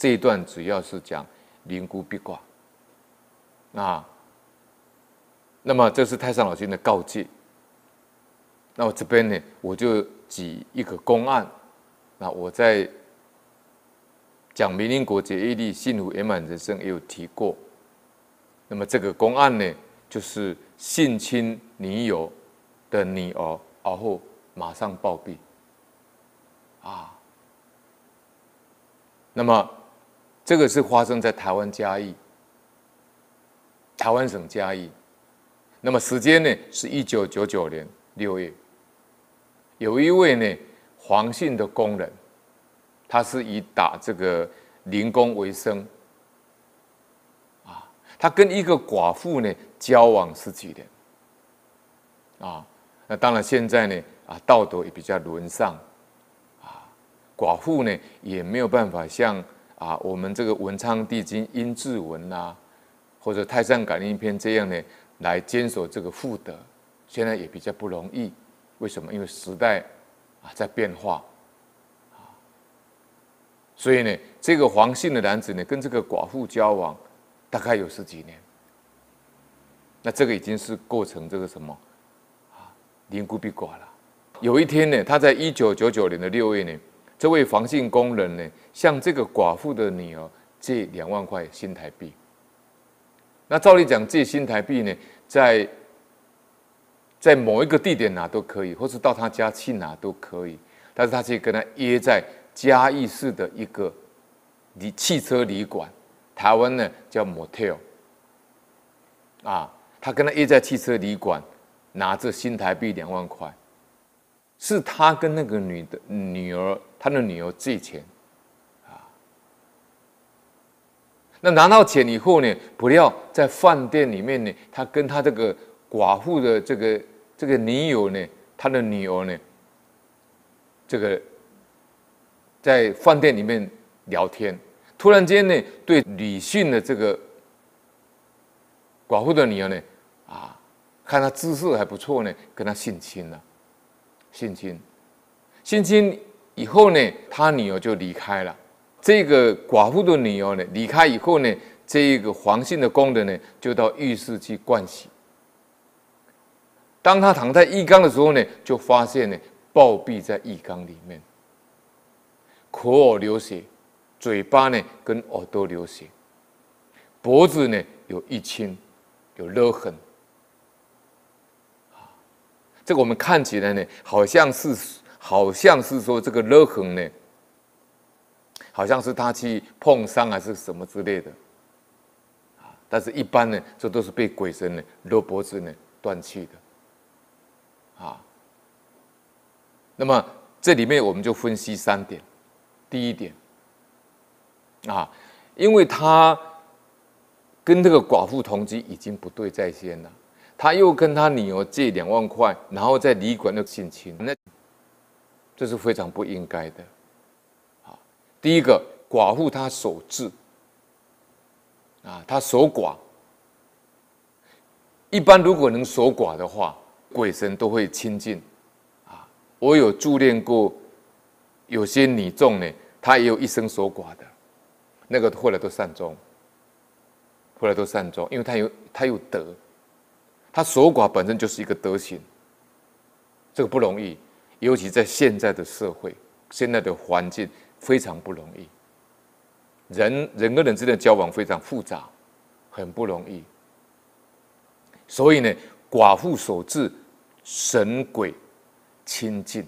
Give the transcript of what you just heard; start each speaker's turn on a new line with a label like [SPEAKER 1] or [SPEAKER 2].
[SPEAKER 1] 這一段主要是講靈骨必卦啊，那麼這是太上老君的告誡。那我這邊呢，我就舉一個公案，那我在講明因果結業力、幸福圓滿人生也有提過。那麼這個公案呢，就是性侵女友的女兒，而後馬上暴斃啊，那麼。這個是發生在台灣嘉義，台灣省嘉義，那麼時間呢是1999年6月，有一位呢黃姓的工人，他是以打這個零工為生，啊，他跟一個寡婦呢交往十幾年。的，啊，那當然現在呢啊道德也比較淪喪，啊，寡婦呢也沒有辦法像。啊，我們這個《文昌帝君陰騭文》吶，或者《太上感應篇》這樣呢，來堅守這個婦德，現在也比較不容易。為什麼？因為時代啊在變化，啊，所以呢，這個黃姓的男子呢，跟這個寡婦交往，大概有十幾年。那這個已經是構成這個什麼啊，凌孤逼寡了。有一天呢，他在一九九九年的六月呢。這位黃姓工人呢，向這個寡婦的女兒借兩萬塊新台幣。那照理講，借新台幣呢，在在某一個地點哪都可以，或是到他家去拿都可以。但是他卻跟他約在嘉義市的一個旅汽車旅館，台灣呢叫 motel 啊，他跟他約在汽車旅館，拿着新台幣兩萬塊。是他跟那個女的女兒，他的女兒借錢，啊，那拿到錢以後呢，不料在飯店裡面呢，他跟他這個寡婦的這個這個女友呢，他的女兒呢，這個在飯店裡面聊天，突然間呢，對女性的這個寡婦的女兒呢，啊，看她姿色還不錯呢，跟她性侵了，啊。性侵，性侵以後呢，他女兒就離開了。這個寡婦的女兒呢，離開以後呢，這個黃姓的工人呢，就到浴室去盥洗。當他躺在浴缸的時候呢，就發現呢，暴斃在浴缸裡面，口耳流血，嘴巴呢跟耳朵流血，脖子呢有淤青，有勒痕。有這個我們看起來呢，好像是好像是說這個勒痕呢，好像是他去碰傷還是什麼之類的，啊，但是一般呢，這都是被鬼神呢勒脖子呢斷氣的，啊，那麼這裡面我們就分析三點，第一點，啊，因為他跟這個寡婦同居已經不對在先了。他又跟他女兒借兩萬塊，然後在旅館又性侵，那這是非常不應該的。啊，第一個寡婦她守志啊，她守寡。一般如果能守寡的話，鬼神都會親近啊。我有助念過，有些女眾呢，她也有一生守寡的，那個後來都善終，後來都善終，因為她有她有德。他守寡本身就是一個德行，這個不容易，尤其在現在的社會、現在的環境非常不容易。人人跟人之間的交往非常複雜，很不容易。所以呢，寡婦守志，神鬼親近。